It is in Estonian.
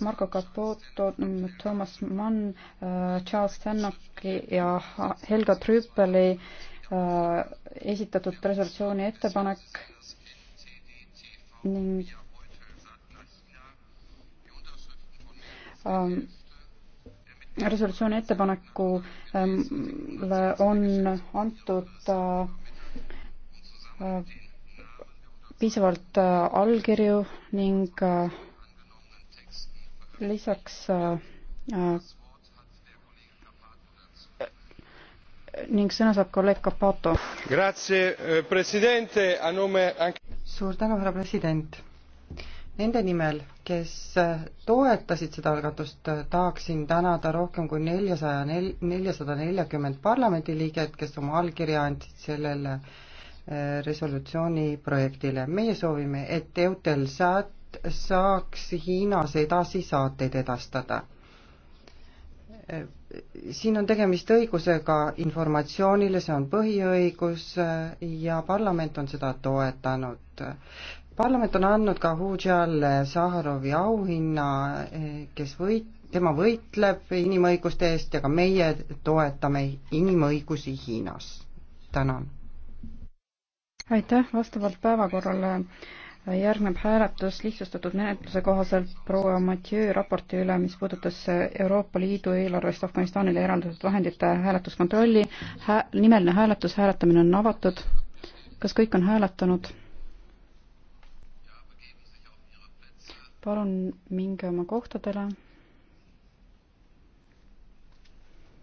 Marko Capoto, Thomas Mann, äh, Charles Tannocki ja Helga Trüppeli äh, esitatud resolutsiooni ettepanek ning ähm, resolutsiooni ettepanekule ähm, on antud äh, piisavalt allkirju ning lisaks äh, äh, ning sõna saab kolleeg Capato. Äh, suur tänu, härra president. Nende nimel, kes toetasid seda algatust, tahaksin tänada rohkem kui neljasaja nel-, neljasada neljakümmend parlamendiliiget, kes oma allkirja andsid sellele resolutsiooni projektile. meie soovime, et EUTELSAT saaks Hiinas edasi saateid edastada. siin on tegemist õigusega informatsioonile, see on põhiõigus ja parlament on seda toetanud. parlament on andnud ka Hujale Saharovi auhinna, kes võit-, tema võitleb inimõiguste eest ja ka meie toetame inimõigusi Hiinas. tänan. aitäh, vastavalt päevakorrale järgneb hääletus lihtsustatud menetluse kohaselt proua Mathieu raporti üle, mis puudutas Euroopa Liidu eelarvest Afganistanile eraldatud vahendite hääletuskontrolli Hä. nimeline hääletus, hääletamine on avatud. kas kõik on hääletanud? palun minge oma kohtadele